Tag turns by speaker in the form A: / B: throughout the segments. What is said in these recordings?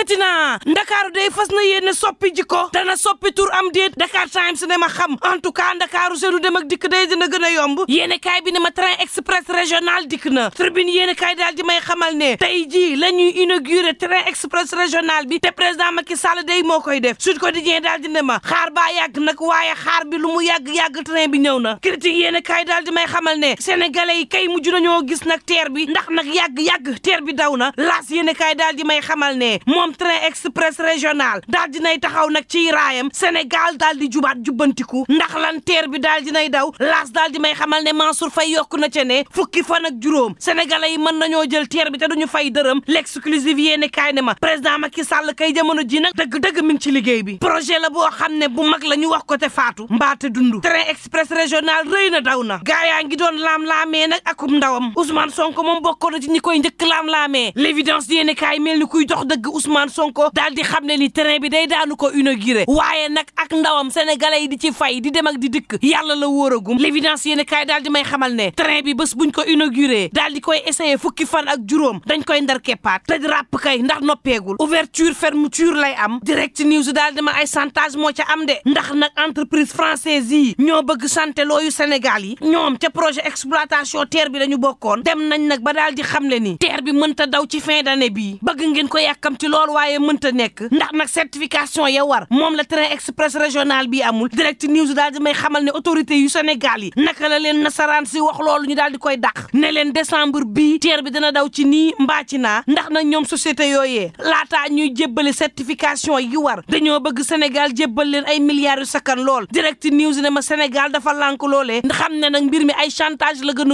A: yëkkati naa ndakaaru day fas na yéene soppi jikko dana soppi tur am déet Dakar Times ne ma xam en tout cas ndakaaru seenu dem ak dikk day dina gën a yomb yéene kaay bi ne ma train express régional dikk na tribune yéene kaay daal di may xamal ne tey jii la ñuy inauguré train express régional bi te président Macky Sall day moo koy def Sud Quotidien daal di ne ma xaar baa yàgg nag waaye xaar bi lu mu yàgg-yàgg train bi ñëw na critique yéene kaay daal di may xamal ne sénégalais yi kay mujj nañoo gis nag teer bi ndax nag yàgg-yàgg teer bi daw na laas yéene kaay daal di may xamal ne moom moom train express régional daal dinay taxaw nag ci raayam Sénégal daal di jubaat jubbantiku ndax lan teer bi daal dinay daw laas daal may xamal ne Mansour Faye yokk na ca ne fukki fan ak juróom sénégalais yi na nañoo jël teer bi te duñu fay dërëm l'exclusive yéene kaay ne ma président Macky Sall kay jamono ji nag dëgg-dëgg mi ngi ci liggéey bi projet la boo xam ne bu mag la ñu wax ko te faatu mbaate dund train express régional rëy na daw na gaa ngi doon laam-laamee nag akum ndawam Ousmane Sonko moom bokkoon na ci ñi koy njëkk laam-laamee l'évidence yéene kaay mel ni kuy dox dëgg man Sonko daal di xam ne ni terrain bi day daanu ko inauguré waaye nag ak ndawam sénégalais yi di ci fay di dem ak di dikk yàlla la wóoragum l'évidence yéen kaay daal di may xamal ne terrain bi bés buñ ko inauguré daal di koy essayé fukki fan ak juróom dañ koy ndar keppaat tëj ràpp kay ndax noppeegul ouverture fermeture lay am direct news daal di ma ay chantage moo ca am de ndax nag entreprise française yi ñoo bëgg santé looyu Sénégal yi ñoom ca projet exploitation terre bi dañu bokkoon dem nañ nag ba daal di xamle ni feebar bi mënta daw ci fin d'année bii bëgg ngeen ko yàkkam ci loolu waaye mënta nekk ndax nag certification ya war moom la train express régional bi amul direct news daal di may xamal ne autorité yu Sénégal yi naka la leen nasaraan si wax loolu ñu daal di koy dàq ne leen décembre bii teer bi dina daw ci nii mbaa ci naa ndax nag ñoom société yooyee laataa ñuy jébbale certification yi war dañoo bëgg Sénégal jébbal leen ay milliards yu sakkan lool direct news ne ma Sénégal dafa lànk mi ay chantage la gën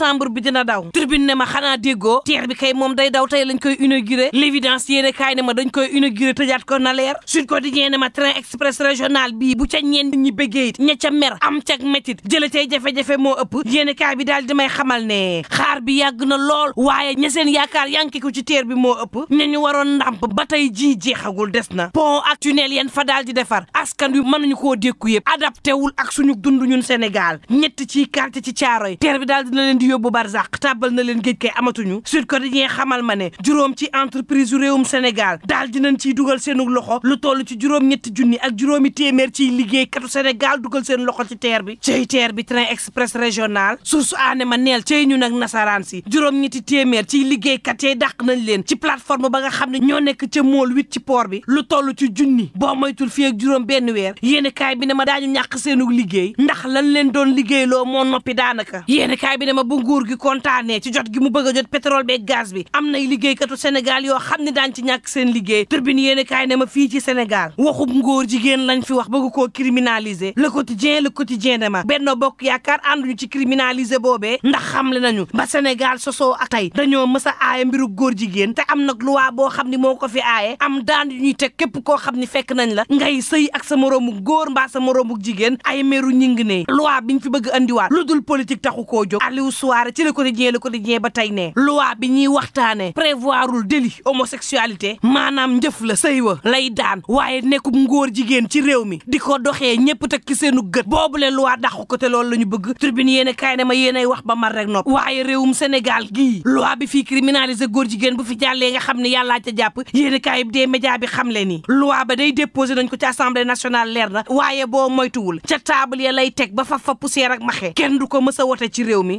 A: a nombre bi dina daw tribune ne ma xanaa déggoo TER bi kay moom day daw tey lañ koy inauguré l'évidence yéene kaay ne ma dañ koy inauguré tëjaat ko na leer Sud Quotidien ne ma train express régional bii bu ca ñeen ñi bëggee ña ca mer am cag métit jële tey jafe moo ëpp yéene kaay bi daal di may xamal ne xaar bi yàgg na lool waaye ña seen yaakaar yanki ko ci TER bi moo ëpp ña ñu waroon ndàmp ba tey jii jeexagul des na pont ak tunnel yeen fa daal di defar askan wi mënuñu koo dékku yëpp adapté ak suñu dund ñun Sénégal ñett ci quartier ci Caaroy TER bi daal dina leen di yóbbu bu barzaq tàbbal na leen géej kay amatuñu Sud Quotidien xamal ma ne juróom ci entreprise yu réewum Sénégal daal dinañ ciy dugal seenu loxo lu toll ci juróom-ñetti junni ak juróomi téeméer ciy liggéey katu Sénégal dugal seen loxo ci teer bi cey teer bi train express régional source aane ma neel cey ñu nag nasaraan si juróom-ñetti téeméer ciy liggéeykat yee dàq nañ leen ci plateforme ba nga xam ne ñoo nekk ca mool huit ci port bi lu toll ci junni boo moytul fii ak juróom benn weer yéeni kaay bi ne ma daañu ñàkk seenu liggéey ndax lan leen doon liggéeyloo moo noppi daanaka yéeni kaay bi ne ma bu nguur gi kontaanee ci jot gi mu bëgg a jot pétrole beeg gaz bi am nay liggéeykatu Sénégal yoo xam ne daañ ci ñàkk seen liggéey turbine yéene kaay ne ma fii ci Sénégal waxub ngóor jigéen lañ fi wax bëgg koo criminaliser le quotidien le quotidien ne ma Benno Bokk Yaakaar ànduñu ci criminaliser boobee ndax le nañu ba Sénégal sosoo ak tey dañoo masa a mbiru góor jigéen te am nag loi boo xam ne moo ko fi aaye am daan yu ñuy teg képp koo xam ni fekk nañ la ngay sëy ak sa moroomu góor sa moroomu jigéen ay meru ñing ne loi biñ fi bëgg andiwaat lu dul politique taxu koo Sénégal ci le quotidien le quotidien ba tey ne loi bi ñuy waxtaane prévoirul délit homosexualité maanaam njëf la sëy wa lay daan waaye nekkub ngóor jigéen ci réew mi di ko doxee ñëpp tekki seenu gët boobu le loi dax ko te loolu la ñu bëgg tribune yéene kaay ne ma yéenay wax ba mar rek nopp waaye réewum Sénégal gii loi bi fii criminaliser góor jigéen bu fi jàllee nga xam ne yàllaa ca jàpp yéene kaay bi dee média bi xam le ni loi ba day déposé nañ ko ci assemblée nationale leer na waaye boo moytuwul ca table lay teg ba fa fa poussière ak maxe kenn du ko mës a wote ci réew mi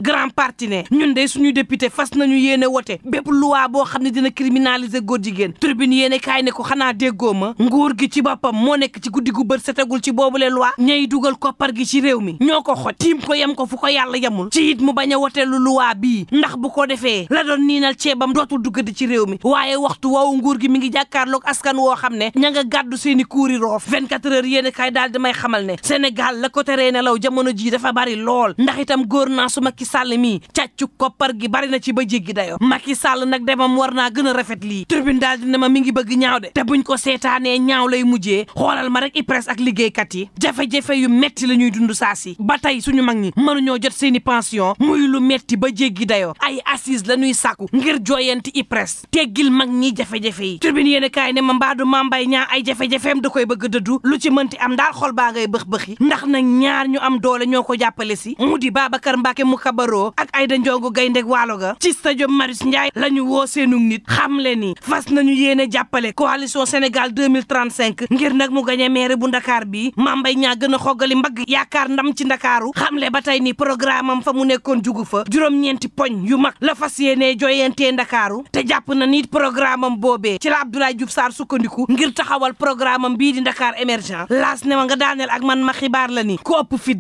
A: altine ñun dey suñu député fas nañu yéene wote bépp loi boo xam ne dina criminaliser góor jigéen tribune yéene kaay ne ko xanaa déggoo ma nguur gi ci boppam moo nekk ci guddi gu bët setagul ci boobule loi ñay dugal koppar gi ci réew mi ñoo ko xoj tiim ko yem ko fu ko yàlla yemul ci it mu bañ a woteelu loi bii ndax bu ko defee la doon niinal ceebam dootul di ci réew mi waaye waxtu waaw nguur gi mi ngi jàkkaarloog askan woo xam ne ña nga gàddu seeni kuuri roof 24 heures yéene kaay daal di xamal ne Sénégal la ko teree nelaw jamono jii dafa bari lool ndax góor naa su Macky Sall mii càccu koppar gi bari na ci ba jéggi dayoo Macky Sall nag demam war naa gën a rafet lii tribune daal dina ma mi ngi bëgg ñaaw de te buñ ko seetaanee ñaaw lay mujjee xoolal ma rek IPRES ak liggéeykat yi jafe-jafe yu metti la ñuy dund saa si ba tey suñu mag ñi mënuñoo jot seeni pension muy lu metti ba jéggi dayoo ay assises la ñuy sàkku ngir jooyanti IPRES teggil mag ñi jafe-jafe yi tribune yéen kaay ne ma mbaadu ma mambay ñaa ay jafe-jafeem da koy bëgg dëddu lu ci mënti am daal xol baa ngay bëx-bëxi ndax nag ñaar ñu am doole ñoo ko jàppale si mu di Babacar Mbacke mu kabaroo ak Ayda Ndiongo Gaynde Waalo ga ci stade Marius Ndiaye la ñu woo seenu nit xam le ni fas nañu yéene jàppale coalition Sénégal 2035 ngir nag mu gañe maire bu Ndakaar bi mambay ñaa gën a xoggali mbag yaakaar ndam ci Ndakaaru xam le ba tey ni programme am fa mu nekkoon jugu fa juróom-ñeenti poñ yu mag la fas yéene joyentee Ndakaaru te jàpp na nit programme am boobee ci la Abdoulaye Diouf Sarr sukkandiku ngir taxawal programme bii di Dakar émergent laas ne ma nga man ma xibaar la ni ko ëpp fit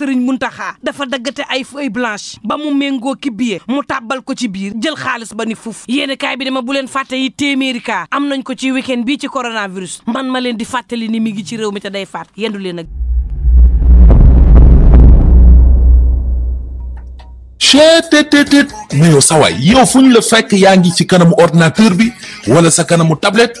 A: sëriñ Muntaxa dafa daggate ay feuille blanche ba mu méngoo ki billet mu tàbbal ko ci biir jël xaalis ba ni fuuf yéen kaay bi dama bu leen fàtte yi téeméeri kaa am nañ ko ci week bii ci coronavirus man ma leen di fàttali ni mi ngi ci réew mi te day faat yendu leen nag
B: chetttt la fekk yaa ngi ci kanamu ordinateur bi wala sa kanamu tablette